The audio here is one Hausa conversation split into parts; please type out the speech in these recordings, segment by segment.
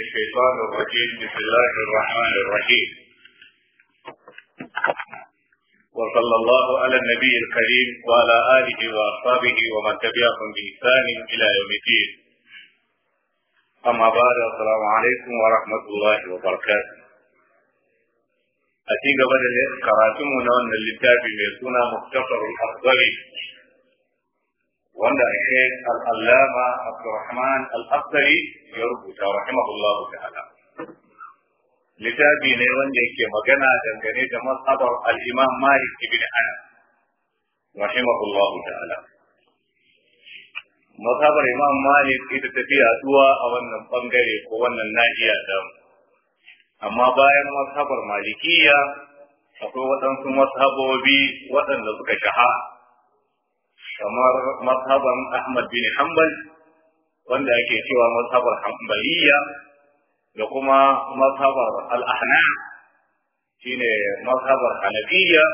الشيطان الرجيم بسم الله الرحمن الرحيم وصلى الله على النبي الكريم وعلى آله وأصحابه ومن تبعهم بإحسان إلى يوم الدين أما بعد السلام عليكم ورحمة الله وبركاته اتينا بدل قراتمنا أن الكتاب يسونا مختصر الأفضل wanda Sheikh Al-Allama Abdurrahman Al-Afdari ya rubuta rahimahullahu ta'ala littafi ne wanda yake magana dangane da mazhabar al-Imam Malik ibn Anas rahimahullahu ta'ala mazhabar Imam Malik ita ta fi yaduwa a wannan bangare ko wannan nahiya da amma bayan mazhabar Malikiya akwai waɗansu mazhabobi waɗanda suka shahara kamar mazhaban Ahmad bin Hanbal wanda yake cewa mazhabar Hanbaliya da kuma mazhabar Al-Ahnaf shine mazhabar Hanafiya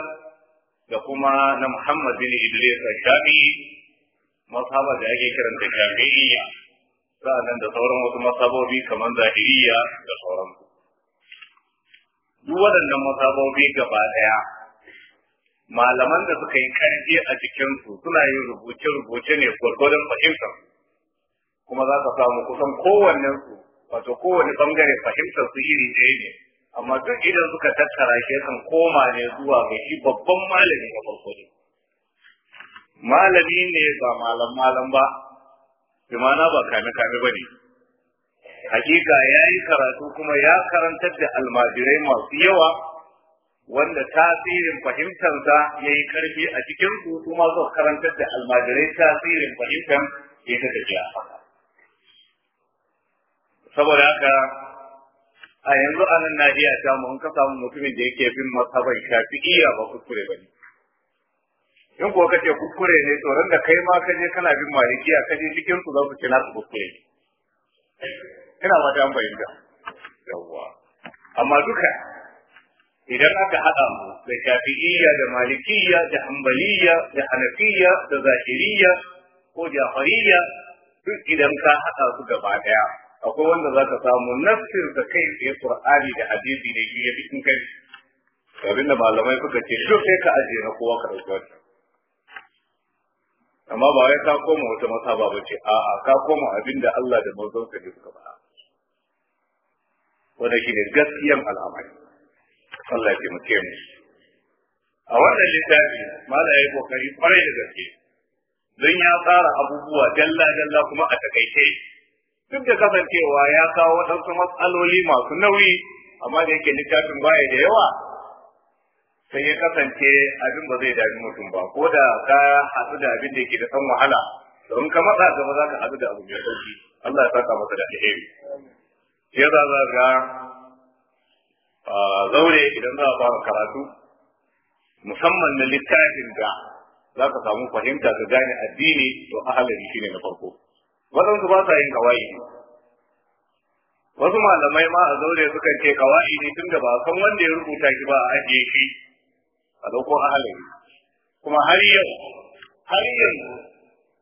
da kuma na Muhammad bin Idris al-Shafi'i mazhabar da yake kiranta Shafi'iyya sa'annan da sauran wasu mazhabobi kamar Zahiriyya da sauransu duk waɗannan mazhabobi gaba ɗaya malaman da suka yi karfi a jikinsu suna yin rubuce-rubuce ne gwargwadon fahimtar kuma za ka samu kusan kowannensu wato kowane bangare fahimtar su iri ɗaya ne amma duk idan suka tattara shi kan koma ne zuwa ga shi babban malami a farko ne malami ne ba malam malam ba bi ba kame kame ba ne hakika ya yi karatu kuma ya karantar da almajirai masu yawa wanda tasirin fahimtarsa ya yi ƙarfi a cikin su kuma zuwa karantar da almajirai tasirin fahimtar ya ta tafiya saboda haka a yanzu a nan nahiya ta mu ka samu mutumin da yake bin shafi iya ba kuskure ba ne in kuwa kace kuskure ne to da kai ma ka je kana bin malikiya ka je cikin su za su ce nasu kuskure ina ma ta fahimta yawwa amma duka idan aka haɗa mu da shafi'iyya da malikiyya da hanbaliyya da hanafiyya da zahiriyya ko jafariyya duk idan ka haɗa su gaba ɗaya akwai wanda za ka samu nafsir da kai tsaye qur'ani da hadisi da biyu ya kai abin da malamai suka ce duk sai ka ajiye na kowa ka ɗauki wata amma ba wai ka koma wata masaba ba ce a'a ka koma abin da Allah da manzon sa ne suka faɗa wanda shi ne gaskiyan al'amari Allah ke muke. mu a wannan littafi mala ya kokari kwarai da gaske don ya tsara abubuwa dalla dalla kuma a takaice duk da kasancewa ya kawo wasu matsaloli masu nauyi amma da yake littafin baya da yawa sai ya kasance abin ba zai dami mutum ba ko da ka haɗu da abin da yake da san wahala don ka matsa gaba za ka haɗu da abu mai sauki Allah ya saka masa da alheri ya za za zaure idan za a fara karatu musamman na littafin da za ka samu fahimta ka gane addini to ahalari shine na farko wadansu ba sa yin kawai wasu malamai ma a zaure suka ce kawai ne tunda ba san wanda ya rubuta shi ba a ajiye shi a dauko ahalari kuma har yau har yanzu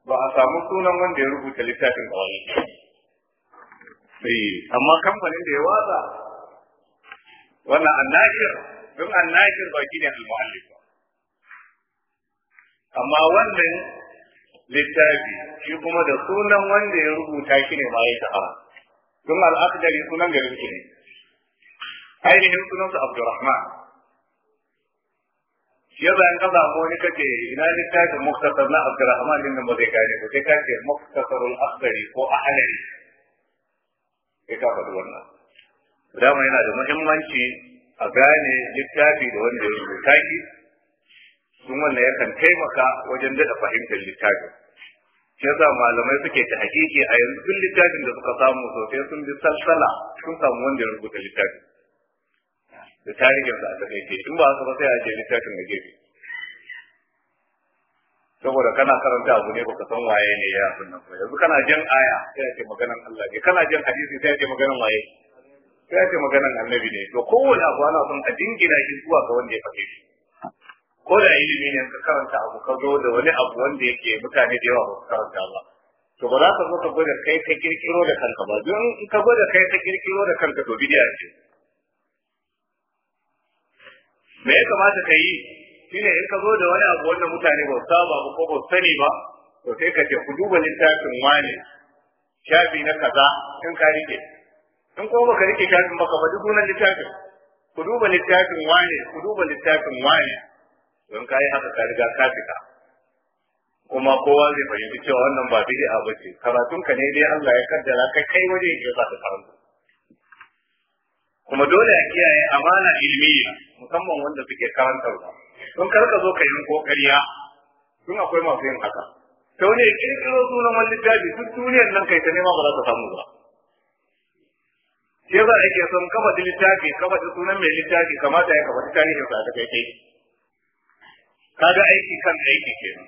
ba a samu sunan wanda ya rubuta littafin kawai eh, amma kamfanin da ya watsa wannan annakir duk annakir ba shi ne al amma wannan littafi shi kuma da sunan wanda ya rubuta shi ne ma ya shahara duk al-akhdari sunan garin shi ne ainihin sunansa Abdurrahman shi yasa in ka samu wani kake ina littafin muktasar na Abdurrahman din nan ba zai gane ba sai ka ce muktasarul akhdari ko ahlari sai ka faɗi wannan dama yana da muhimmanci a gane littafi da wanda ya rubuta shi sun wannan yakan taimaka wajen daɗa fahimtar littafi shi yasa malamai suke ta hakiki a yanzu duk littafin da suka samu sosai sun bi salsala sun samu wanda ya rubuta littafi da tarihinsa a takaice in ba su ba sai a littafin da gefe saboda kana karanta abu ne baka san waye ne ya abin nan ba yanzu kana jin aya sai a maganan Allah ne kana jin hadisi sai a maganan waye ya ce maganan annabi ne to kowane abu ana son a dingina shi zuwa ga wanda ya faɗe shi ko da ilimi ne ka karanta abu ka zo da wani abu wanda yake mutane da yawa ba su karanta ba to ba za ka zo ka gwada kai ka kirkiro da kanka ba don in ka gwada kai ka kirkiro da kanka to bidiya ce me ya kamata ka yi shine in ka zo da wani abu wanda mutane ba su saba ba ko ba su sani ba to sai ka ce ku duba littafin wane shafi na kaza in ka rike in kuma baka rike shafin baka ba duk sunan littafin ku duba littafin wane ku duba littafin wane don kai haka ka riga ka fita kuma kowa zai fahimci cewa wannan ba bidi a bace karatun ka ne dai Allah ya kaddara kai kai waje ya sa ka karanta kuma dole a kiyaye amana ilmiya musamman wanda suke ba. don kar ka zo ka yi kokariya tun akwai masu yin haka ta wani ya kirkiro sunan wani littafi duk duniyar nan kai ta nema ba za ta samu ba za a ke son kafa da littafi kafa da sunan mai littafi kamata ya kafa tarihin sa ta kai kai kaga aiki kan aiki kenan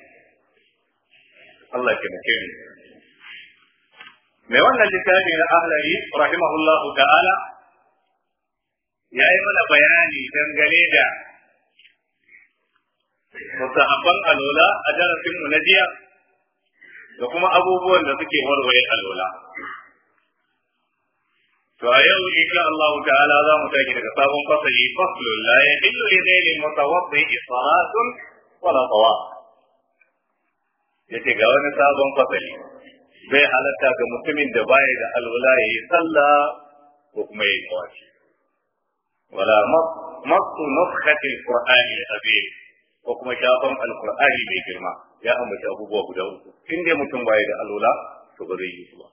Allah ke muke ni mai wannan littafi na ahlari rahimahullahu ta'ala ya yi mana bayani dangane da musahabban alola a darasinmu na jiya da kuma abubuwan da suke warware alola. to a yau insha Allah ta'ala za mu tashi daga sabon fasali faslun la yahillu li ghayril ga wani sabon fasali bai halatta ga mutumin da baya da alwala yayi sallah ko kuma yi tawafi wala masu nuskhati alqur'ani al-azim ko kuma shafan alqur'ani mai girma ya ambaci abubuwa guda uku inda dai mutum baya da alwala to ba zai yi su ba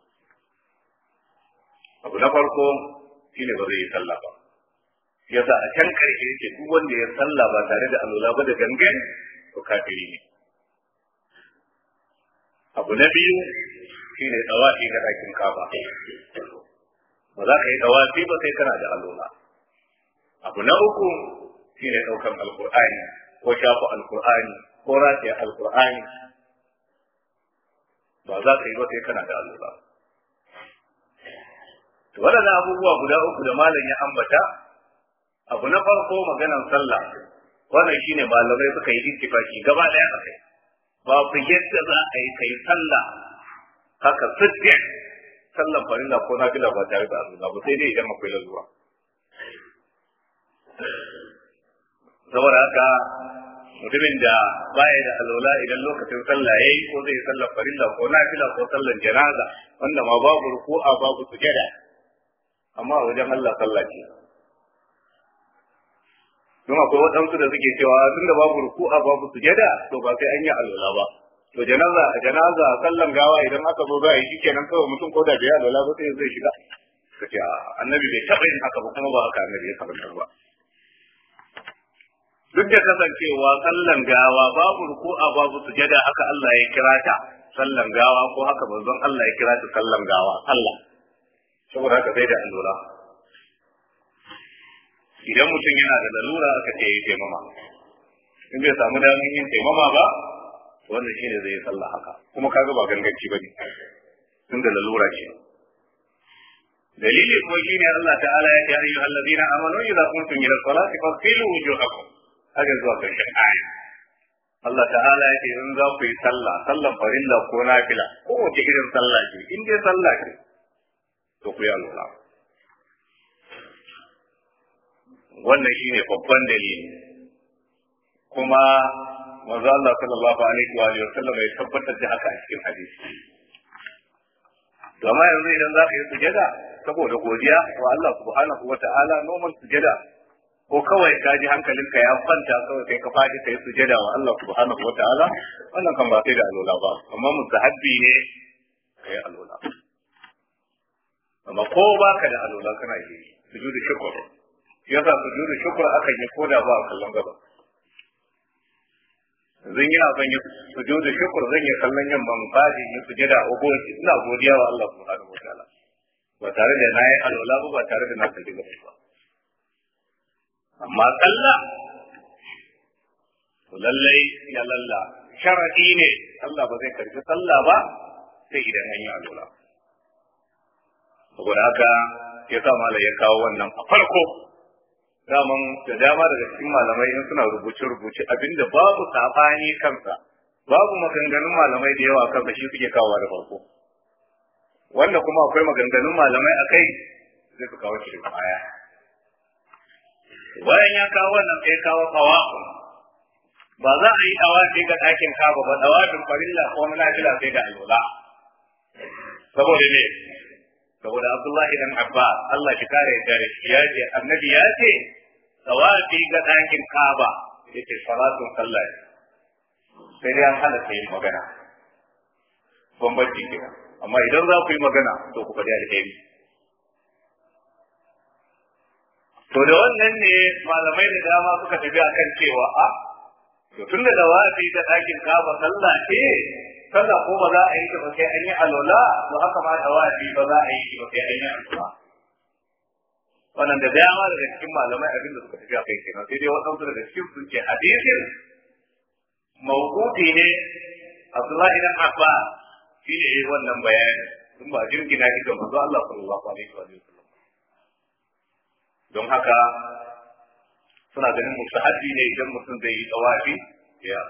abu na farko shine ba zai yi sallah ba yasa a can karshe yake duk wanda ya sallah ba tare da alwala ba da gange to kafiri ne abu na biyu shine dawafi ga dakin kaba ba za ka yi dawafi ba sai kana da alwala abu na uku shine daukan alqur'ani ko shafa alqur'ani ko rafiya alqur'ani ba za ka yi ba sai kana da ba. to waɗannan abubuwa guda uku da malam ya ambata abu na farko maganar sallah wannan shine malamai suka yi ittifaki gaba daya akai ba ku yadda za a yi kai sallah haka sidda sallan farilla ko fila ba tare da azumi ba sai dai idan akwai lalura saboda haka mutumin da baya da alola idan lokacin sallah yi ko zai sallar farilla ko fila ko sallar janaza wanda ma babu ruku'a babu sujada amma a wajen Allah sallah ce don akwai waɗansu da suke cewa tun da babu ruku'a babu sujada to ba sai an yi alwala ba to janaza janaza sallan gawa idan aka zo za a yi shikenan kawai mutum ko da bai alwala ba sai zai shiga kace annabi bai taɓa yin haka ba kuma ba haka annabi ya karanta ba duk da kasancewa sallan gawa babu ruku'a babu sujada haka Allah ya kira ta sallan gawa ko haka manzon Allah ya kira ta sallan gawa Allah saboda haka sai da allura idan mutum yana da lalura aka ce yi taimama in bai samu damar yin taimama ba wannan ne zai yi sallah haka kuma ka ga ba ganganci ba ne tun da lalura ce dalili ko ne Allah ta'ala ya ce ayyuha allazina amanu idza kuntum ila salati fasilu wujuhakum haka zuwa karshen aya Allah ta'ala ya ce in za ku yi sallah sallan farilla ko nafila ko wace irin sallah ce in dai sallah ce to ku yi alwala wannan shine babban dalili kuma manzo Allah sallallahu alaihi wa alihi wasallam ya tabbatar da haka a cikin hadisi to amma yanzu idan za ka yi sujada saboda godiya wa Allah subhanahu wa ta'ala noman sujada ko kawai ka ji hankalinka ya kwanta kawai kai ka fadi kai sujada wa Allah subhanahu wa ta'ala wannan kan ba sai da alola ba amma mustahabbi ne kai alola amma ko ba ka da alola kana yi da shukur. sujudu shukr yasa da shukur akan yi koda ba a kallon gaba zan yi abin yi da shukur zan yi kallon ban fadi yi sujada a gobe ina godiya wa Allah subhanahu Ta'ala. ba tare da na yi alola ba ba tare da na kalli gaba ba amma tsalla. to lallai ya lalla sharadi ne Allah ba zai karbi sallah ba sai idan an yi alola saboda haka ya sa malam ya kawo wannan a farko daman da dama daga cikin malamai in suna rubuce-rubuce abinda babu sabani kansa babu maganganun malamai da yawa kansa shi suke kawo da farko wanda kuma akwai maganganun malamai a kai zai su kawo shi baya bayan ya kawo wannan ya kawo kawa ba za a yi tawafi ga ɗakin kaba ba tawafin farilla ko na nafila sai da alwala saboda ne saboda Abdullahi dan abba, Allah shi kare ya dare shi ya ce annabi ya ce sawafi ga ɗakin Kaaba yake salatu sallah sai dai an halatta yin magana bambanci ke amma idan za ku yi magana to ku faɗi alheri to da wannan ne malamai da dama suka tafi akan cewa a ah, to tun da tawafi ga ɗakin Kaaba sallah ce sallah ko ba za a yi ta ba sai an yi alola ba haka ma tawafi ba za a yi ta ba sai an yi alola wannan da dama daga cikin malamai abin da suka tafi a kai kenan sai dai waɗansu daga cikin sun ce hadisin mawquti ne Abdullahi ibn Abbas shi ne wannan bayani sun ba jirgina shi ga manzo Allah sallallahu alaihi wa sallam don haka suna ganin mustahabi ne idan mutum zai yi tawafi ya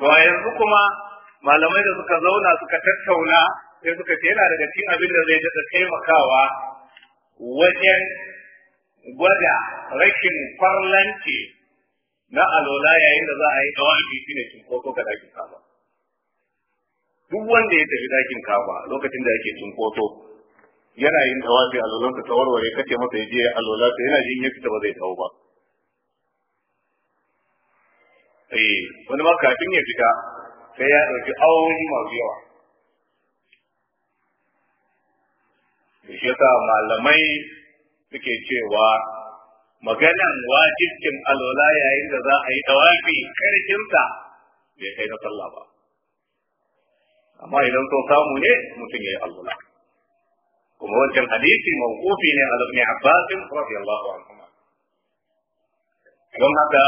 to a yanzu kuma malamai da suka zauna suka tattauna sai suka ce yana daga cikin abin da zai daɗa taimakawa wajen gwada rashin farlanci na alola yayin da za a yi dawafi shi ne cinkoso ga dakin kaba duk wanda ya tafi dakin kaba lokacin da yake cinkoso yana yin a alolansa ta warware kace masa ya je alola yana jin ya ta ba zai tawo ba eh wani ma kafin ya fita sai ya ɗauki awoni masu yawa shi yasa malamai suke cewa maganan wajibcin alwala yayin da za a yi tawafi karkinsa bai kai na sallah ba amma idan so samu ne mutum ya yi alwala kuma wancan hadisi mawqufi ne a ibn Abbas radiyallahu anhu don haka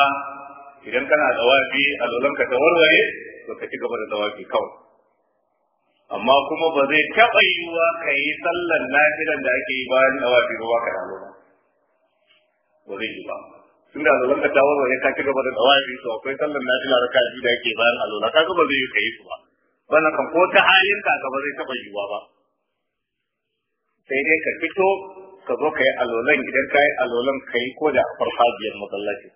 idan kana dawafi alwalan ka ta warware to ka ci gaba da dawafi kawai amma kuma ba zai taɓa yiwuwa ka yi sallan nafilan da ake yi bayan dawafi ba ka dawo ba zai yi ba tun da alwalan ka ta warware ka ci gaba da dawafi to akwai sallan nafila da kaji da ake bayan alwala ka ga ba zai yi ka yi su ba Bana kan ko ta halin ka ba zai taɓa yiwuwa ba sai dai ka fito ka zo ka yi alolan idan ka yi alolan ka yi ko da farfajiyar masallaci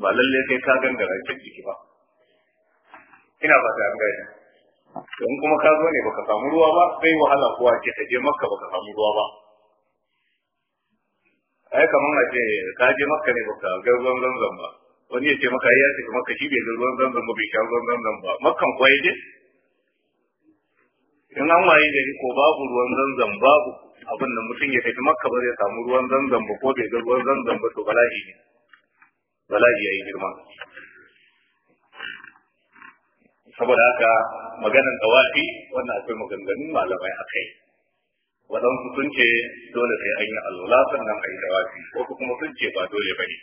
ba lalle kai ka gangara ta ciki ba ina ba ta gani don kuma ka zo ne baka samu ruwa ba sai wahala kuwa ce ka je makka baka samu ruwa ba ai kaman a ce ka je makka ne baka ga ruwan zanzan ba wani ya ce maka ya ce maka shi bai ga ruwan zanzan ba bai sha ruwan zanzan ba makkan kuwa ya je in an waye gari ko babu ruwan zanzan babu abin da mutum ya tafi makka ba zai samu ruwan zanzan ba ko bai ga ruwan zanzan ba to bala'i ne bala'i yayi girma saboda haka maganar tawafi wannan akwai maganganun malamai a kai waɗansu sun ce dole sai an yi alwala sannan a yi tawafi ko kuma sun ce ba dole ba ne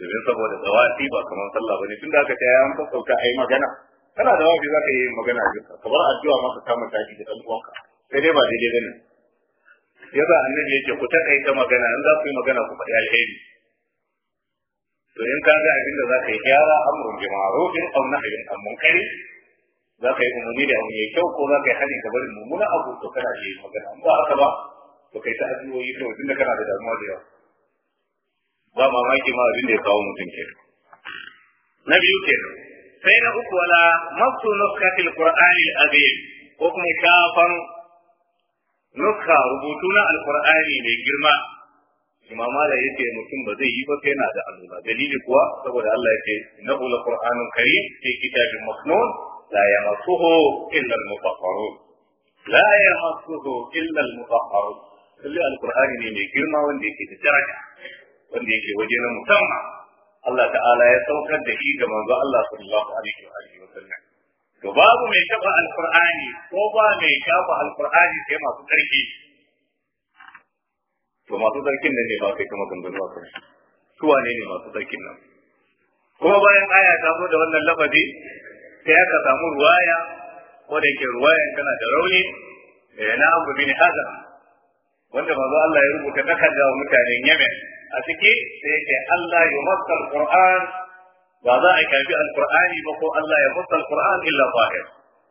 domin saboda tawafi ba kamar sallah ba ne tun da aka yi an sassauta a yi magana kana da wafi za ka yi magana a jinka kamar addu'a ma ka kama tashi da ɗan uwanka sai dai ba daidai ba ne yasa annabi yake ku ta magana in za ku yi magana ku faɗi alheri to in ka ga abin da za ka yi gyara amrun bi ma'rufin aw nahyin munkari za ka yi umarni da abu mai kyau ko za ka yi hani ka bari mummuna abu to kana yi magana ba haka ba to kai ta addu'o'i kawai tunda kana da damuwa da yawa ba mamaki ma abin da ya kawo mutum ke na biyu kenan sai na uku wala masu nuskatil qur'ani azim ko kuma shafan nuska rubutu na alqur'ani mai girma imam malik yace mutum ba zai yi ba sai na da alula dalili kuwa saboda Allah yace innahu laqur'anun karim fi kitabin maknun la yamassuhu illa al-mutahharun la yamassuhu illa al-mutahharun kulli al-qur'ani ne mai girma wanda yake da daraja wanda yake waje na musamman Allah ta'ala ya saukar da shi ga manzo Allah sallallahu alaihi wa alihi wa sallam to babu mai shafa al-qur'ani ko ba mai shafa al-qur'ani sai masu tsarki to masu sarkin nan ne ba kai kuma kan zuwa kan su wane ne masu sarkin nan kuma bayan aya ta zo da wannan lafazi sai aka samu ruwaya Ko wanda yake ruwayan tana da rauni eh, na abu bin hazar wanda manzo Allah ya rubuta takarda wa mutanen Yemen a ciki sai yake Allah ya masa Qur'an ba za a kafi alqur'ani ba ko Allah ya masa alqur'an illa zahir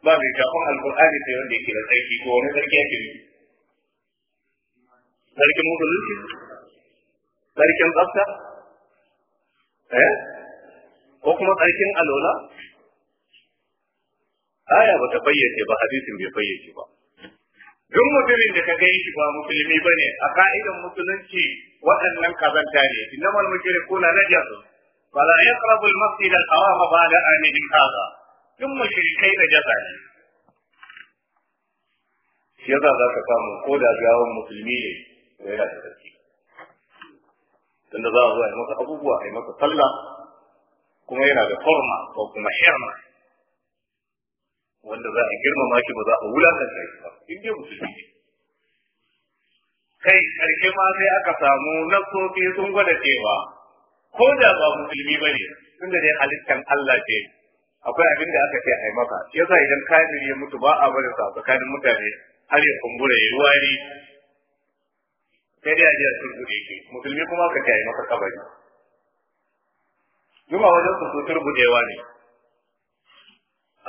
ba bai kafin alqur'ani sai wanda yake da tsarki ko wani tsarki yake sarkin musulunci sarkin tsafta eh ko kuma sarkin alola aya ba ta fayyace ba hadisin bai fayyace ba duk da ka gai ba musulmi ba ne a ka'idan musulunci waɗannan kazanta ne innamal mushrikuna najasun fala yaqrabu al-masjid al-haram ba'da anihim hadha duk mushrikai najasa ne shi yasa za ka samu ko da gawon musulmi ne ko yana da gaske tunda za a zo a yi masa abubuwa a yi masa sallah kuma yana da forma ko kuma hirma wanda za a girmama shi ba za a wulakanta shi ba in dai musulmi ne kai karshe ma sai aka samu nasofi sun gwada cewa ko da ba musulmi ba ne tun dai halittan Allah ce akwai abin da aka ce a yi maka shi yasa idan kafiri ya mutu ba a barin sa tsakanin mutane har ya kumbura ya yi wari sai dai a ji a turbuɗe ke musulmi kuma ka kiyaye maka kabari juma wajen su su turbuɗewa ne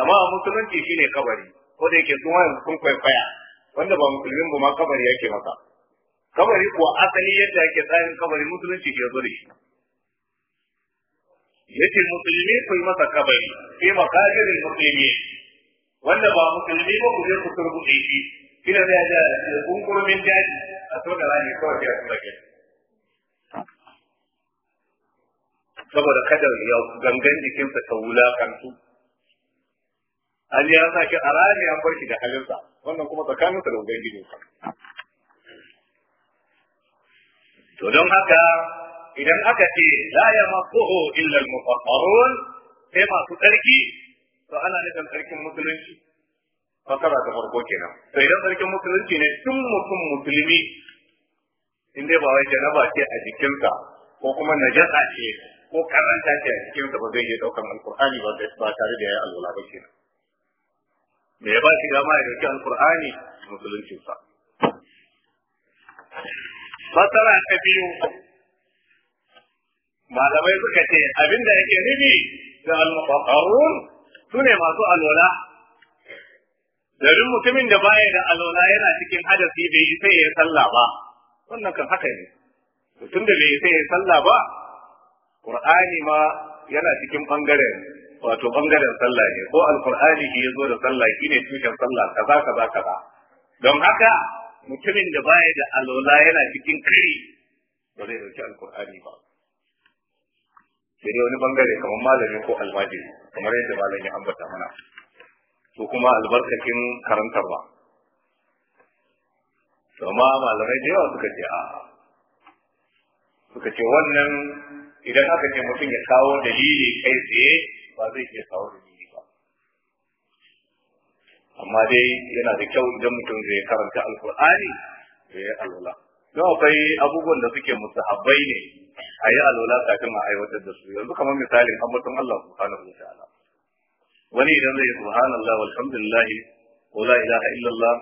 amma a musulunci shine kabari ko da yake su yanzu sun kwaikwaya wanda ba musulmin ba ma kabari yake masa kabari kuwa asali yadda ake tsarin kabari musulunci ke zo da shi yace musulmi ku yi masa kabari sai makajirin musulmi wanda ba musulmi ba ku je ku turbuɗe shi kina da ya cikin kurmin daji a so kaza ne kawai sai a tura ke saboda kada ya gangan jikinsa ta wulakantu an ya sa shi a rani an bar shi da halinsa wannan kuma tsakanin tsakaninsa da ubangijinsa to don haka idan aka ce la ya maquhu illa al-mutahharun sai masu tsarki to ana nufin tsarkin musulunci fasara ta farko kenan to idan tsarkin musulunci ne tun mutum musulmi in dai ba wai janaba ce a jikinsa ko kuma najasa ce ko karanta ce a jikinsa ba zai iya daukan alkur'ani ba tare da ya alwala ba kenan me ya ba shi dama ya dauki alkur'ani musuluncinsa matsala ta biyu malamai suka ce abinda yake nufi da al-muqarrarun su ne masu alwala domin mutumin da baya da alwala yana cikin hadasi bai isa ya sallah ba wannan kan haka ne tun da bai sai sallah ba qur'ani ma yana cikin bangaren wato bangaren sallah ne ko alqur'ani shi yazo da sallah ne tushen sallah kaza kaza kaza don haka mutumin da baya da alola yana cikin kari ba zai dauki alqur'ani ba sai wani bangare kamar malami ko almajiri kamar yadda malami ya ambata mana ko kuma albarkacin karantarwa to amma malamai da yawa suka ce a suka ce wannan idan aka ce mutum ya kawo dalili kai tsaye ba zai iya kawo dalili ba amma dai yana da kyau idan mutum zai karanta alkur'ani ya yi alwala don akwai abubuwan da suke musu musahabbai ne a yi alwala kafin a aiwatar da su yanzu kamar misalin ambaton Allah subhanahu wa ta'ala wani idan zai subhanallah walhamdulillah ko ilaha illallah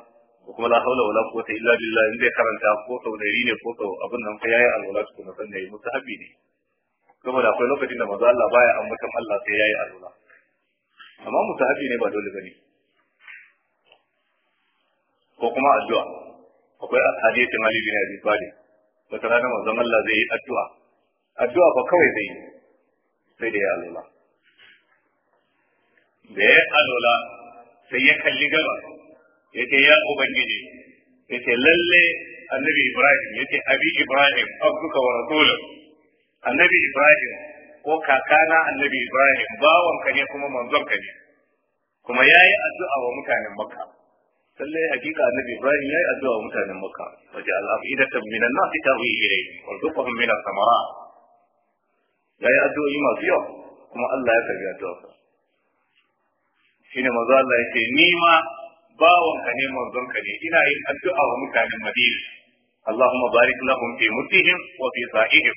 ko kuma la haula wala quwwata illa billah in zai karanta ko sau dari ne ko sau abin nan fa yayi alwala kuma sannan yayi musahabi ne saboda akwai lokacin da manzo Allah baya ambata Allah sai yayi alwala amma musahabi ne ba dole bane ko kuma addu'a akwai hadisi Ali bin Abi Talib wata rana manzo Allah zai yi addu'a addu'a ba kawai zai yi sai dai ya alwala da ya alwala sai ya kalli gaba yace ya ubangiji yace lalle annabi ibrahim yace abi ibrahim abduka wa rasulun. annabi ibrahim ko kakana annabi ibrahim bawon ka ne kuma manzon ka ne kuma yayi addu'a wa mutanen makka lalle hakika annabi ibrahim yayi addu'a wa mutanen makka waje al ta minan nas tahwi ilayhi wa rzuqhum min as samara yayi yi masu yawa kuma Allah ya karbi addu'a shine manzo Allah yake ni ma bawan ka ne ne ina yin addu'a wa mutanen Madina Allahumma barik lahum fi mutihim wa fi sa'ihim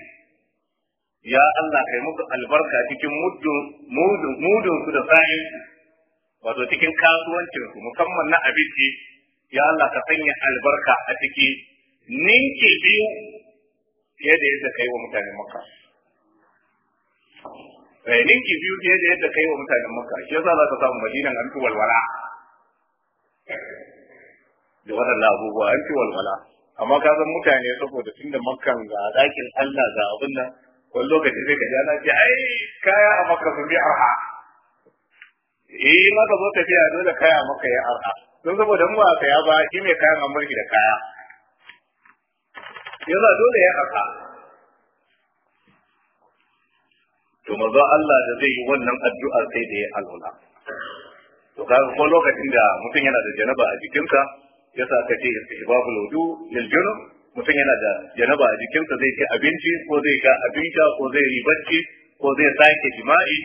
ya Allah kai musu albarka cikin mudun su da sa'in wato cikin kasuwancin su musamman na abinci ya Allah ka sanya albarka a ciki ninki biyu fiye da yadda kai wa mutanen Makka eh, ninki biyu fiye da yadda kai wa mutanen Makka shi yasa za ka samu Madinan an tuwalwala da waɗannan abubuwa an ci walwala amma ka san mutane saboda tun da makkan ga ɗakin Allah ga abin nan wani lokaci sai ka ji ana ce ai kaya a makka sun bi arha eh ma ka zo tafiya dole kaya a makka ya arha don saboda mu ba kaya ba shi ne kayan an da kaya yana dole ya arha to manzo Allah da zai yi wannan addu'ar sai da ya alwala to kaga ko lokacin da mutum yana da janaba a jikinsa yasa ka ce istihbabul wudu lil junub mutum yana da janaba a jikinsa zai ci abinci ko zai ga abinci ko zai yi bacci ko zai sake jima'i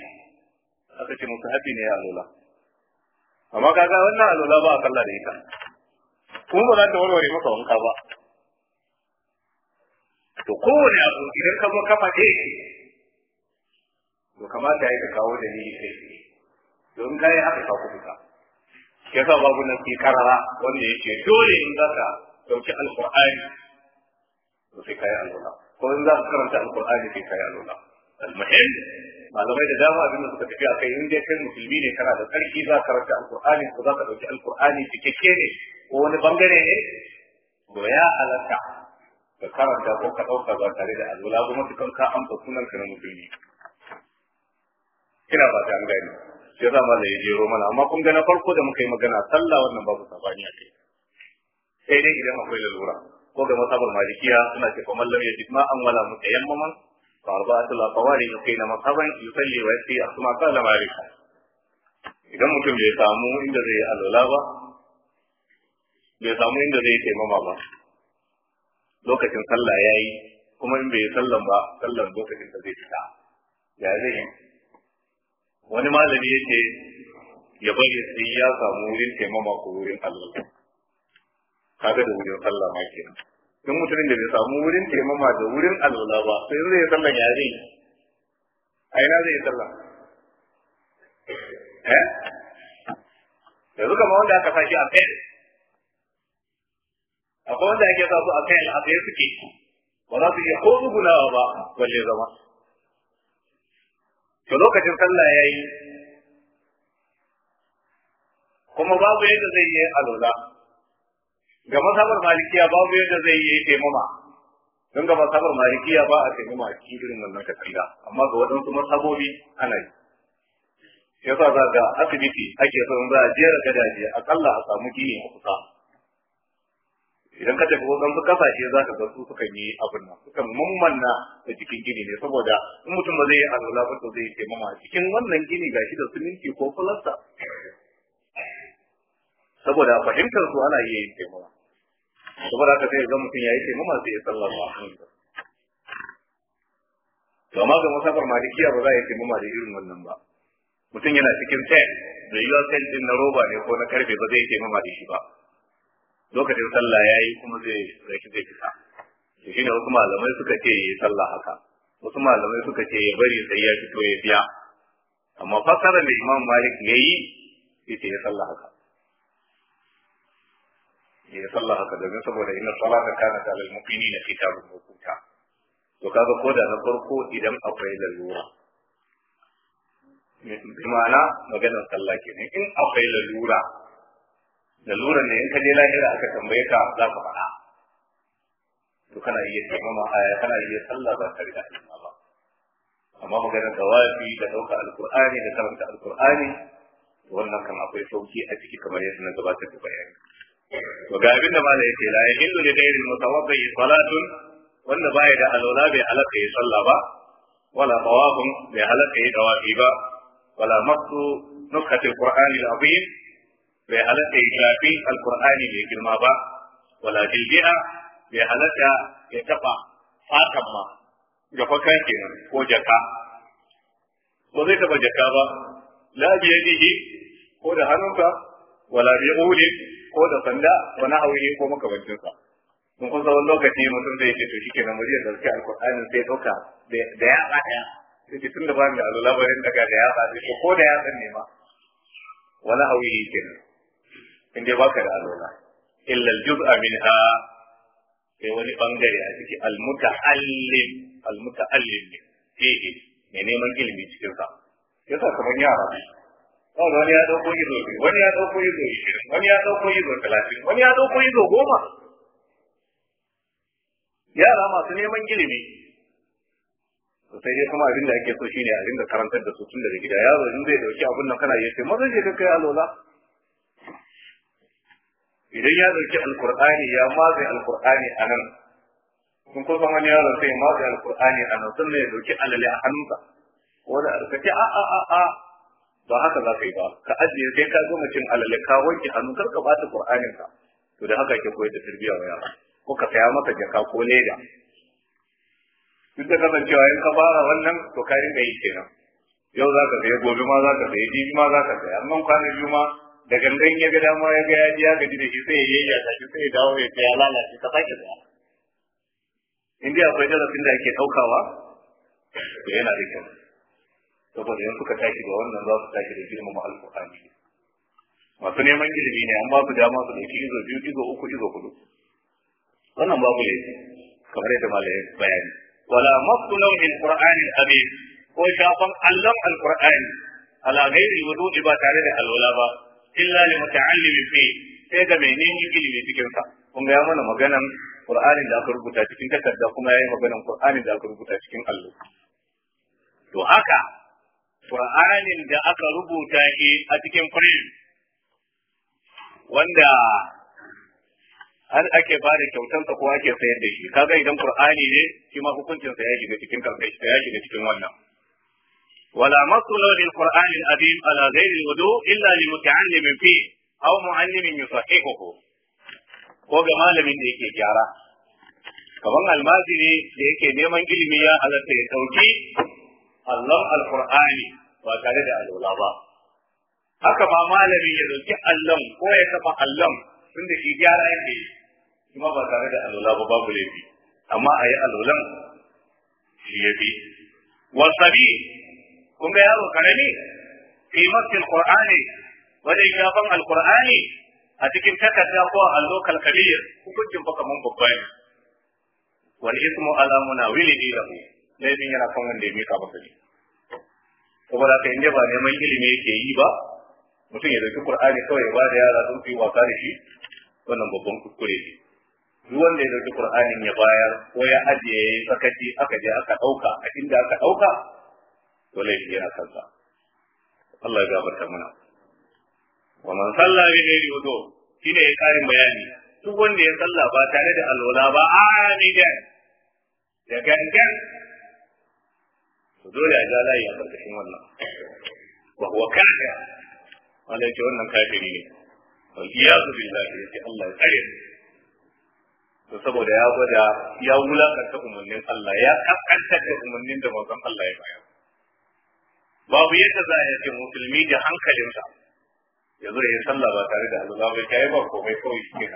aka ce musu hafi ne ya alola amma kaga wannan alola ba a kalla da ita kuma ba za ta warware maka wanka ba to kowane abu idan ka zo ka faɗe to kamata ya ka kawo dalili kai domin kai haka ku fita ke sa babu nan fi karara wanda yake dole in za ka dauki alqur'ani to sai kai alwala ko in za ka karanta alqur'ani sai kai alwala almuhim malamai da dama da suka tafi akai in dai kai musulmi ne kana da karfi za ka karanta alqur'ani ko za ka dauki alqur'ani cikakke ne ko wani bangare ne doya ya ka karanta ko ka dauka ba tare da alwala kuma mutukan ka amsa sunan ka na musulmi kina ba ta an gani sai za ma zai jero mana amma kun ga farko da muka yi magana sallah wannan babu sabani a kai sai dai idan akwai lalura ko ga masabar malikiya suna ce kamar lam yajid ma an wala mutayammaman fa arba'atul aqwali kai na masaban yusalli wa a asma kala malika idan mutum bai samu inda zai alwala ba bai samu inda zai taimama ba lokacin sallah yayi kuma in bai sallan ba sallan lokacin da zai fita ya zai wani malami yake ya bari sai ya samu wurin taimama ko wurin Allah kaga da wurin Allah ma ke duk mutumin da bai samu wurin taimama da wurin Allah ba sai zai yi sallan ya zai a ina zai yi sallan eh yanzu kamar wanda aka sashi a kai akwai wanda ake sa su a kai a kai suke ba za su iya ko gunawa ba balle zama to lokacin sallah ya yi kuma babu yadda zai yi alola ga masabar malikiya babu yadda zai yi taimama don ga masabar malikiya ba a taimama a cikin irin wannan tafiya amma ga waɗansu masabobi ana yi yasa za ga asibiti ake son za a jera gadaje akalla a samu gini a kusa idan ka tafi wajen kasashe za ka ga su sukan yi abin nan sukan mummanna da jikin gini ne saboda in mutum ba zai yi alwala ba to zai ce mama cikin wannan gini gashi da siminti ko fulasta saboda fahimtar su ana iya yin taimama saboda haka sai ga mutum ya yi taimama sai ya sallama To amma ga musafar malikiya ba za a yi taimama da irin wannan ba mutum yana cikin tent da yiwuwa tent din na roba ne ko na karfe ba zai taimama da shi ba lokacin sallah ya yi kuma zai rashi zai kisa. to shine wasu malamai suka ce yi sallah haka wasu malamai suka ce ya bari sai ya fito ya biya amma fassara da Imam Malik yayi yace ya sallah haka ya sallah haka domin saboda inna salata kana ta na fita kitabun mukuta to kaga da na farko idan akwai lalura bi ma'ana maganar sallah kenan in akwai lalura laluran ne in ka je lahira aka tambaye ka za ka faɗa to kana iya taimama aya eh, kana iya sallah ba ka riga ba amma maganar dawafi da ɗaukar alkur'ani da karanta alkur'ani wannan kan akwai sauki a ciki kamar yadda na gabatar da bayani to ga abin da malai yace la yahillu li ghayri mutawaddi salatun wanda baya da alwala bai halaka yi sallah ba wala tawafun bai halaka yi dawafi ba wala masu nuskatil qur'ani al-azim bai halatta ya shafi alkur'ani mai girma ba wala jilbi'a bai halatta ya taba fatan ma gafa kan ko jaka ba zai taba jaka ba la biyadihi ko da hannunka wala bi ko da sanda wa nahwihi ko makamancin sa mun kusa wani lokaci mutum zai ce to shikenan muryar da suke alqur'ani sai doka da ya daya sai tun da ba ni da alulabarin daga da ya ba ko da ya san ne ma wala ke kenan in dai baka da alwala illa aljuz'a minha sai wani bangare a ciki almuta'allim almuta'allim ne eh ne neman ilimi cikin sa yasa kaman yara kawai wani ya dauko izo biyu wani ya dauko izo ishirin wani ya dauko izo talatin wani ya dauko izo goma yara masu neman ilimi to sai dai kuma abin da ake so shine abin da karantar da su tun daga gida yaro in zai dauki abin nan kana yi yace maza je ka kai alola idan ya dauki alqur'ani ya maze alqur'ani a nan kun kusan wani yaro sai ya maze alqur'ani a nan sannan ya dauki alale a hannunsa wanda ka ce a a a a ba haka za ka yi ba ka ajiye sai ka gama cin alale ka wanke hannu kar ka bata qur'anin ka to da haka ke koyar da tarbiyya wa yara ko ka saya masa jaka ko leda duk da kasancewa in ka fara wannan to ka rinka yi kenan yau za ka saya gobe ma za ka saya jibi ma za ka saya amma kwanan biyu ma da gangan ya ga dama ya ga ya ya gaji da shi sai ya yayya shi sai ya dawo ya ya lalace ta sake da in dai akwai darasin da ake daukawa to yana da kyau saboda yan suka tashi da wannan za su tashi da girmama alqur'ani masu neman ilimi ne an ba su dama su dauki izo biyu izo uku izo hudu wannan babu ne kamar yadda malai bayani wala masu nau'in qur'anil habib ko shafan allon alqur'ani ala gairi wudu ba tare da alwala ba illa li muta'allimi fi sai ga mai neman ilimi cikin sa kun ga mana maganan Qur'anin da aka rubuta cikin takarda kuma yayi maganan Qur'anin da aka rubuta cikin allo to haka Qur'anin da aka rubuta shi a cikin kullum wanda har ake ba da ka ko ake sayar da shi kaga idan Qur'ani ne shi ma sa ya shiga cikin karkashi ya shiga cikin wannan ولا مصل للقرآن العظيم على غير الوضوء إلا لمتعلم فيه أو معلم يصححه ko ga malamin da yake gyara kaman ne da yake neman ilimi ya halatta ya dauki Allah alqur'ani ba tare da ba haka ma malami ya dauki allon ko ya kafa allon tunda shi gyara yake kuma ba tare da alwala ba babu laifi amma ayi alwalan shi yafi wasabi kun ga yaro karami fi masjid qur'ani wajen shafan alqur'ani a cikin takarda ko allo kalkaliyar hukuncin fa mun babba ne wal ismu ala munawilihi ne. laifin yana kan wanda ya mika Ko ba za ka inda ba neman ilimi yake yi ba mutum ya dauki qur'ani kawai ba da yara su fi wasa da shi wannan babban kuskure ne duk wanda ya dauki qur'anin ya bayar ko ya ajiye sakaci aka je aka dauka a inda aka dauka to laifi yana kansa Allah ya gafarta mana wa man salla bi ghairi wudu shine ya kare bayani duk wanda ya salla ba tare da alwala ba ni da gangan to dole a ga layi a karkashin wannan wa huwa kafir wanda yake wannan kafiri ne wa iyadu billahi ce Allah ya kare to saboda ya gwada ya wulakanta umarnin Allah ya kaskanta da umarnin da manzon Allah ya bayar babu yadda za a yi musulmi da hankalinsa ya zo ya sallah ba tare da alwala ba kai ba komai kawai ne.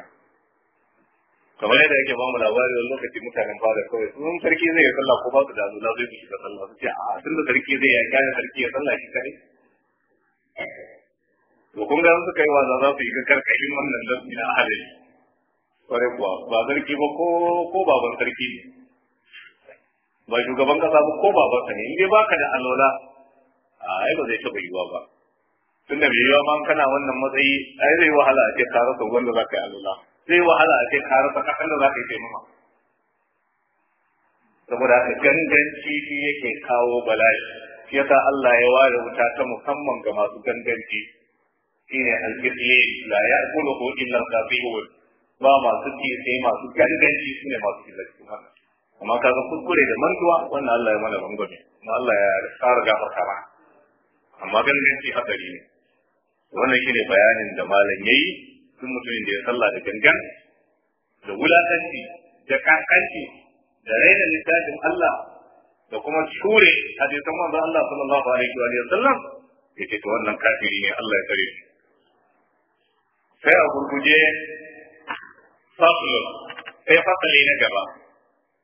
kamar yadda ake bamu labari wani lokaci mutanen da kawai sun sarki zai yi sallah ko ba su da alwala zai shiga sallah su ce a sun da sarki zai ya kyale sarki ya sallah shi kare to kun ga suka yi wa za su yi karkashin wannan lafi na halali kwarai kuwa ba sarki ba ko ko baban sarki ne ba shugaban kasa ba ko baban sa ne in dai baka da alola. ai ba zai taɓa yiwa ba tun da bai yiwa ma kana wannan matsayi ai zai wahala a ce ka rasa wanda za ka yi alula zai wahala a ce ka rasa kakan da za ka yi taimama saboda haka ganganci shi yake kawo bala'i shi yasa Allah ya ware wuta ta musamman ga masu ganganci shine alkifle la ya'kuluhu illa al-kafirun ba masu ci sai masu ganganci ne masu killaci amma kaga kuskure da mantuwa wannan Allah ya mana rangwame kuma Allah ya fara gafarta mana amma ganganci hakari ne wannan shine bayanin da malam yayi tun mutumin da ya sallah da gangan da wulakanci da kankanci da raina littafin Allah da kuma shure hadisan manzon Allah sallallahu alaihi wa sallam yake to wannan kafiri ne Allah ya kare shi sai a gurguje fasalin sai fasali na gaba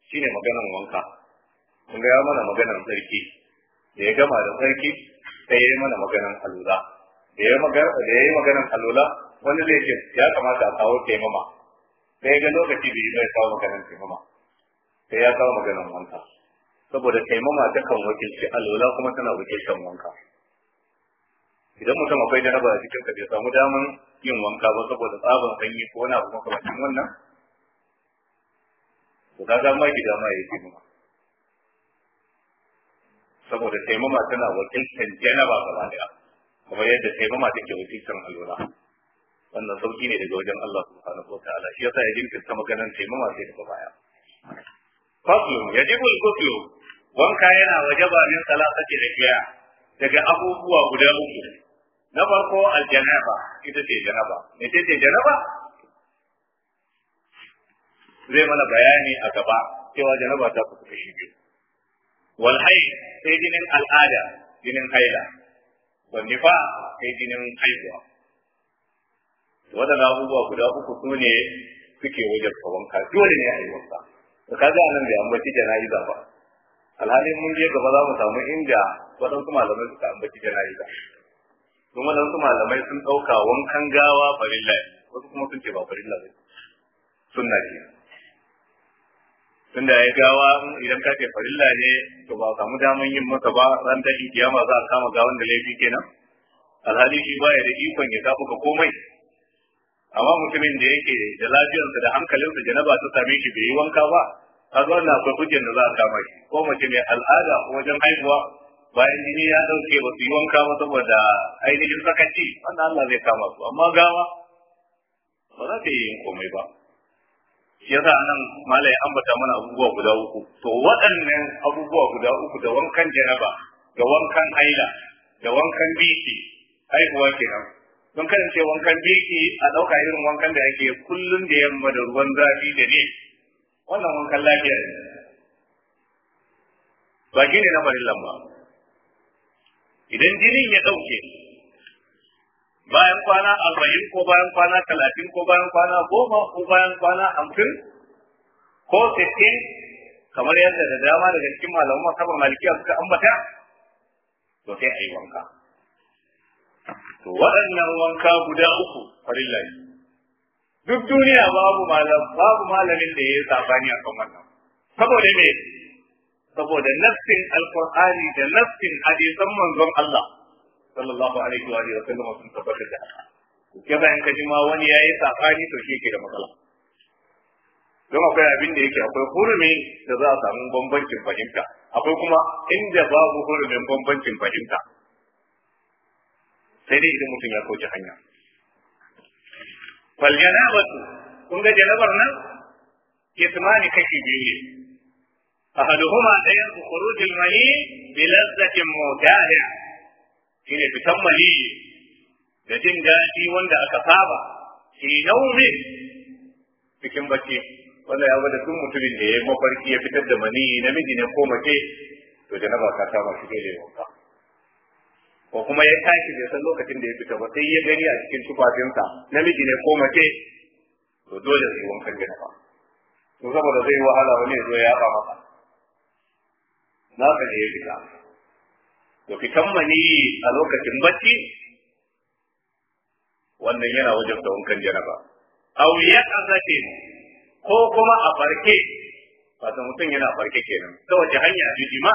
shine maganar wanka kun ga ya mana maganan sarki da ya gama da sarki sai mana maganan alula da ya yi maganan alula wani zai ce ya kamata a kawo taimama sai ga lokaci bai zai kawo maganan taimama sai ya kawo maganan wanka saboda taimama ta kan wakilci alula kuma tana wakilcin wanka idan mutum akwai da jaraba a cikin ka bai samu daman yin wanka ba saboda tsaban sanyi ko wani abu makamancin wannan to kaga ma ki dama ya yi taimama saboda taimama tana wakiltar janaba gaba daya kamar yadda taimama take wakiltar alwala wannan sauki ne daga wajen Allah subhanahu wa ta'ala shi yasa ya jinkirta maganar taimama sai daga baya ya yajibu al wanka yana wajaba min salatati riya daga abubuwa guda uku na farko aljanaba ita ce janaba me ce ce janaba zai mana bayani a gaba cewa janaba ta kusa kashi biyu wal sai jinin al'ada jinin haila wal nifa sai jinin haihuwa wadannan abubuwa guda uku su ne suke wajen wanka dole ne a yi wanka da ga nan bai ambaci jana'iza ba alhali mun je gaba za mu samu inda waɗansu malamai suka ambaci jana'iza don waɗansu malamai sun ɗauka wankan gawa farilla wasu kuma sun ce ba farilla ba sunna kenan tunda ya gawa idan ka ce farilla ne to ba samu daman yin masa ba ran da kiyama za a kama gawan da laifi kenan alhali shi baya da ikon ya tafi komai amma mutumin da yake da lafiyarsa da hankalinsa janaba ta same shi bai yi wanka ba kaga na akwai hujjar da za a kama shi ko mace mai al'ada ko wajen haihuwa bayan jini ya ɗauke ba su yi wanka ba saboda ainihin sakaci wanda Allah zai kama su amma gawa ba za ta yi komai ba yasa nan mala ya ambata mana abubuwa guda uku to waɗannan abubuwa guda uku da wankan janaba da wankan aila da wankan biki haihuwa nan, don kada ce wankan biki a ɗauka irin wankan da yake kullum da yamma da ruwan zafi da ne wannan wankan lafiya ne ba ne na farin ba idan jinin ya ɗauke bayan kwana arba'in ko bayan kwana talatin ko bayan kwana goma ko bayan kwana hamsin ko sittin kamar yadda da dama daga cikin malaman masabar malikiya suka ambata to sai a yi wanka to waɗannan wanka guda uku farin ne duk duniya babu malam babu malamin da ya yi sabani a kan wannan saboda me saboda nafsin alqur'ani da nafsin hadisan manzon Allah sallallahu alaihi wa alihi wa sallam sun tabbatar da haka ke bayan ka ma wani yayi sakani to shi yake da matsala don akwai abin da yake akwai hurumi da za a samu bambancin fahimta akwai kuma inda babu hurumin bambancin fahimta sai dai idan mutum ya kauce hanya fal janabatu kun ga janabar nan kitmani kashi biyu ne ahaduhuma dayan khurujul mani bi lazzatin mutali'a shine fitan maliyi da jin daɗi wanda aka saba ke naumi cikin bacci wanda ya bada tun mutumin da ya yi mafarki ya fitar da maniyi namiji ne ko mace to janaba ta kama shi dole wanka ko kuma ya tashi bai san lokacin da ya fita ba sai ya gani a cikin tufafinsa namiji ne ko mace to dole sai wankan ba, to saboda zai wahala wani ya zo ya ba masa na ka ne ya fita to fitan a lokacin bacci wannan yana wajen da wankan janaba aw yaqazatin ko kuma a farke wato mutum yana farke kenan ta wace hanya ta jima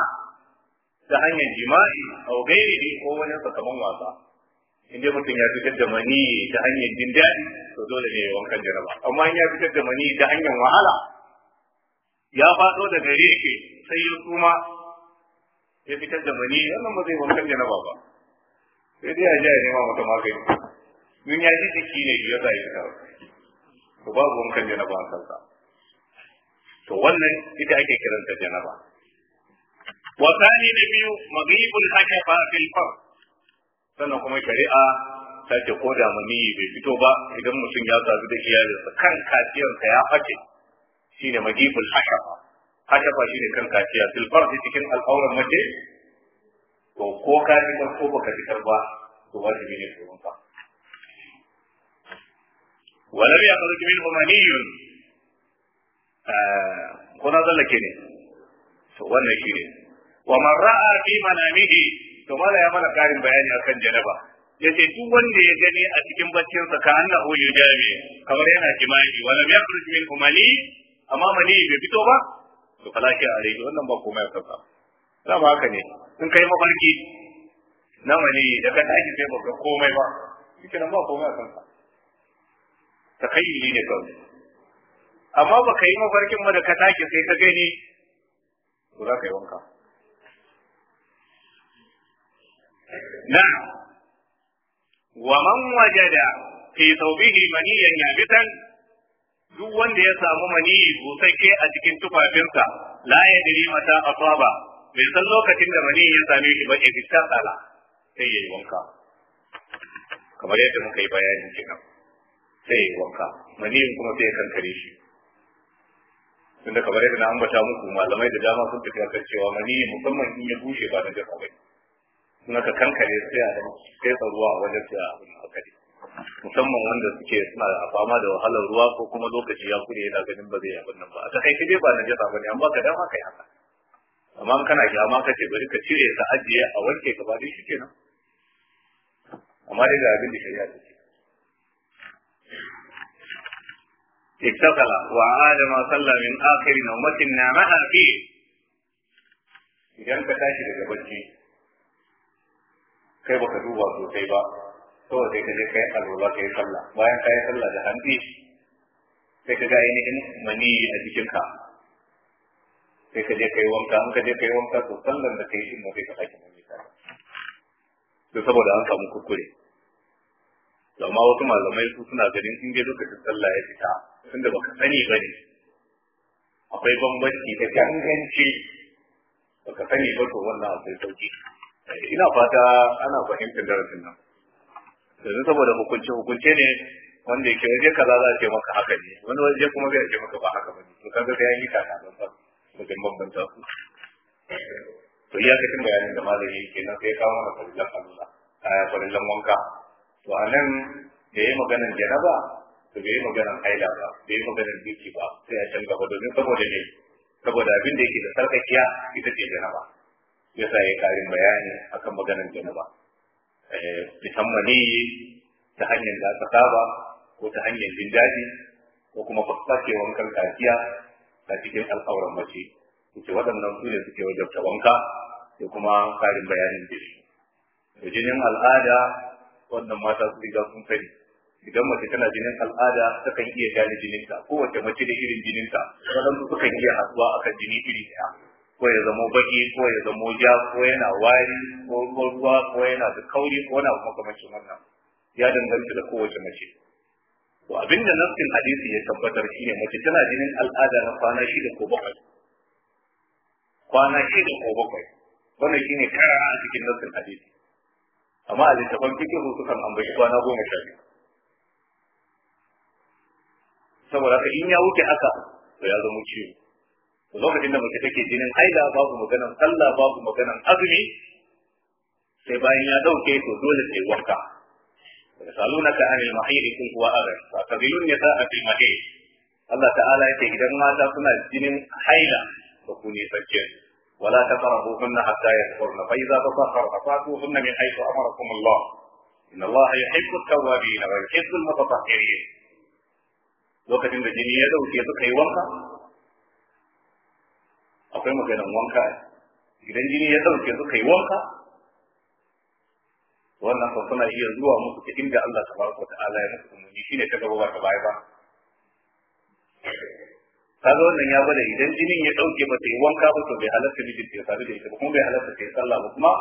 ta hanyar jima'i aw gairi ko wani sakamakon wasa in dai mutum ya fitar da mani ta hanyar jin daɗi to dole ne wankan janaba amma in ya fitar da mani ta hanyar wahala ya faɗo daga reshe sai ya kuma ya fitar da mani wannan ba zai wankan da na ba ba sai dai a ji ya nema mata magani in ya ji jiki ne ya zai ya fitar to babu wankan da na ba kansa to wannan ita ake kiranta janaba wa thani na biyu maghibul hakafa fil far sannan kuma shari'a ta ce ko da mani bai fito ba idan mutum ya sadu da iyalinsa kan kaciyarsa ya fake shine maghibul hakafa haka ba shi ne kan kaciya silfar da cikin al'auran mace to ko ka ji ko baka ji ba to wajibi ne eh, ko ba ولم يخرج منه مني kuna zallake ne to wannan shi ne wa man ra'a fi manamihi to mala ya mana karin bayani akan janaba yace duk wanda ya gani a cikin baccin sa ka annahu yujami kamar yana jima'i wa lam yakhruj min umali amma mali bai fito ba to falashi a rai wannan ba komai ka ba dama haka ne in kai mafarki na wani da ka tashi sai baka komai ba kike nan ba komai a kanka takayyuli ne kawai amma ba yi mafarkin ma da ka tashi sai ka gani to za ka yi wanka na wa man wajada fi tawbihi maniyan yabitan duk wanda ya samu maniyi busasshe a cikin tufafinsa la ya diri mata asaba bai san lokacin da maniyi ya same shi ba ya fitar tsala sai ya yi wanka kamar yadda muka yi bayani kenan sai ya yi wanka mani kuma sai ya kankare shi tunda kamar yadda na ambata muku malamai da dama sun tafi akan cewa mani musamman in ya bushe ba na jasa bai suna ka kankare sai a sai ruwa a wajen sai a abin akali musamman wanda suke suna fama da wahalar ruwa ko kuma lokaci ya kure yana ganin ba zai abin nan ba a takaice dai ba na ba bane amma ka dama kai haka amma kana kyama ka ce bari ka cire ka ajiye a wanke ka ba dai shi kenan amma dai ga abin da shari'a take اتصل وعاد ما صلى من اخر نومة نامها فيه idan ka tashi daga bacci kai baka duba sosai ba kawai sai ka je kai alwala kai sallah bayan kai sallah da hanzi sai ka ga ainihin mani a jikinka sai ka je kai wanka an ka je kai wanka to sallan da kai shin sai ka sake mani ta to saboda an samu kuskure amma wasu malamai su suna ganin in dai lokacin sallah ya fita tunda baka sani ba ne akwai bambanci da ganganci baka sani ba to wannan akwai sauki ina fata ana fahimtar darasin nan yanzu saboda hukunce hukunce ne wanda yake waje kaza za a ce maka haka ne wani waje kuma zai ce maka ba haka ba ne to kaga ga yayi ta ban ba wajen bambanta su to iya cikin bayanin da malami yake nan sai kawo mana farillan Allah a farillan wanka to a nan da yi maganar janaba to bai yi maganar haila ba bai yi maganar duki ba sai a can gaba domin saboda ne saboda abin da yake da sarkakiya ita ce janaba yasa ya karin bayani akan maganar janaba Eh, fitan maniyi ta hanyar da aka saba ko ta hanyar jin daɗi ko kuma fasfacewan wankan kaciya a cikin al'auran mace ce waɗannan su ne suke wajabta wanka da kuma karin bayanin jini da jinin al'ada wannan mata su riga sun sani idan mace tana jinin al'ada takan iya gane jininta kowace mace da irin jininta waɗansu sukan iya haɗuwa akan jini iri ɗaya ko ya zamo baki ko ya zamo ja ko yana wari ko ruwa ko yana da kauri ko na makamancin wannan ya danganta da kowace mace to abin da nassin hadisi ya tabbatar shine mace tana jinin al'ada na kwana shida ko bakwai kwana shida ko bakwai wannan shine kara a cikin nassin hadisi amma a littafin su kan ambaci kwana goma sha biyu saboda haka in ya wuce haka to ya zama ciwo lokacin da mace take jinin haila babu maganan sallah babu maganan azumi sai bayan ya dauke to dole sai wanka yasalunaka anil mahid kun huwa adan fa qabilun nisaa fil mahid Allah ta'ala yake idan mata suna jinin haila to ku ne sakin wala taqrabuhunna hatta yatahurna fa idza tatahharna fatuhunna min haythu amarakum Allah inna Allah yuhibbu at-tawwabin wa yuhibbu al-mutatahhirin lokacin da jini ya dauke suka yi wanka akwai maganin wanka idan jini ya ɗauke suka yi wanka wannan kan suna iya zuwa musu ta inda Allah ta ta'ala ya musu umarni shine ta gaba ta baya ba kaga wannan ya bada idan jinin ya dauke ba ta yi wanka ba to bai halatta mijin ta sabu da ita ba kuma bai halatta ta yi sallah ba kuma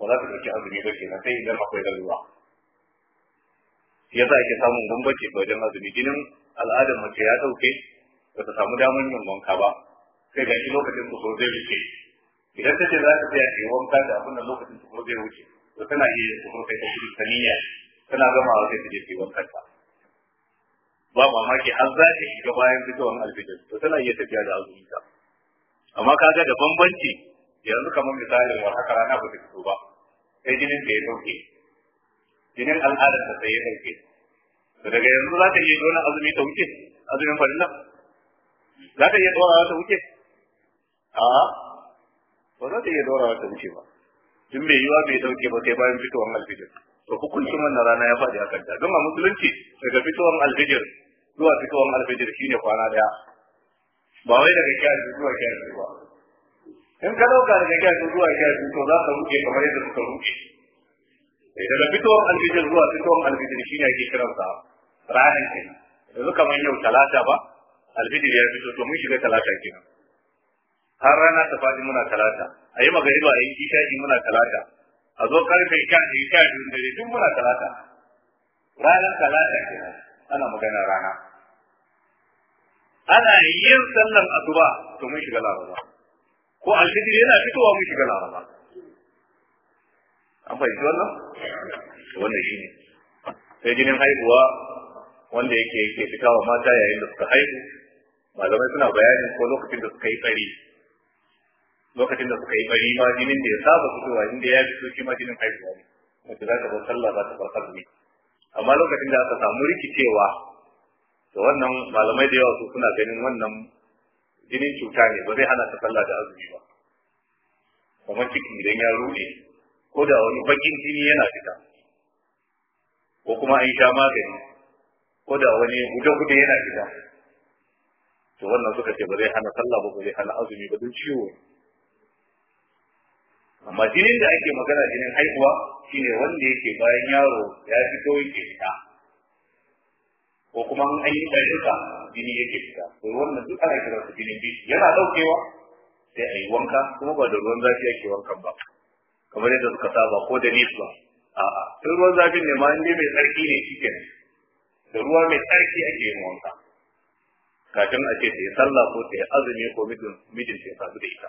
ba za ta dauki azumi ba kenan sai idan akwai lalura ya za ake samun bambanci wajen azumi jinin al'adar mace ya dauke ba ta samu damar yin wanka ba sai ga shi lokacin su zai wuce idan ta ce za ta tsaya ke wanka da abin da lokacin su zai wuce to tana iya yin kuma kai ta shi niyya tana zama wa sai ta je ke wanka ta ba mamaki har za ta shiga bayan fitowar alfijir to tana iya tafiya da azumi ta amma ga da bambanci yanzu kamar misalin wa haka rana ba ta fito ba sai jinin da ya dauke jinin al'adar da sai ya dauke to daga yanzu za ta iya dole azumi ta wuce azumin farilla za ta iya dole ta wuce a ba za ta iya dorawa ta wuce ba tun bai yiwa bai dauke ba sai bayan fitowar alfijir to hukuncin wannan rana ya faɗi a ta. don a musulunci daga fitowar alfijir zuwa fitowar alfijir shine kwana daya ba wai daga kyashi zuwa kyashi ba in ka dauka daga kyashi zuwa kyashi to za ka ruke kamar yadda suka ruke eh, daga fitowar alfijir zuwa fitowar alfijir shine ake kiransa ranar kenan yanzu kamar yau talata ba alfijir ya fito to mun shiga talata kenan har rana ta faɗi muna talata a yi magariba a yi isha'i muna talata a zo karfe sha biyu sha biyu dare tun muna talata ranar talata kenan ana magana rana ana yin sallar asuba to mun shiga laraba ko alfijir yana fitowa mun shiga laraba an fahimci wannan wannan ne. sai jinin haihuwa wanda yake yake fitawa mata yayin da suka haihu malamai suna bayanin ko lokacin da suka yi tsari lokacin da suka yi bari ma jinin da ya saba fitowa inda ya fito shi ma jinin haihuwa ne wanda za ka bar sallah za ta bar azumi amma lokacin da aka samu rikicewa to wannan malamai da yawa su suna ganin wannan jinin cuta ne ba zai hana ta sallah da azumi ba kamar ciki idan ya ruɗe ko da wani bakin jini yana fita ko kuma an sha magani ko da wani guda-guda yana fita to wannan suka ce ba zai hana sallah ba ba zai hana azumi ba don ciwo ne amma jinin da ake magana jinin haihuwa shine wanda yake bayan yaro ya fito yake fita ko kuma an yi ɗarika jini yake fita to wannan duk ana kira su jinin bishi yana ɗaukewa sai a yi wanka kuma ba da ruwan zafi ake wankan ba kamar yadda suka saba ko da ni ba a'a sai ruwan zafin ne ma in dai mai tsarki ne shi kenan da ruwa mai tsarki ake yin wanka kafin a ce ta yi sallah ko ta yi azumi ko mijin ta sadu da ita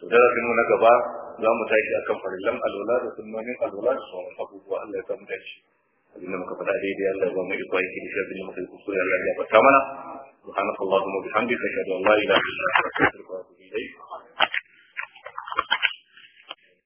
to darasin na gaba za mu tashi akan farillan alwala da sunnonin alwala da sauran abubuwa Allah ya samu dace abin da muka faɗa daidai Allah ya ba mu iko aiki da shi abin da muka yi kuskure Allah ya bata mana subhanakallahumma bihamdika ashhadu an la ilaha illa anta astaghfiruka wa atubu ilayk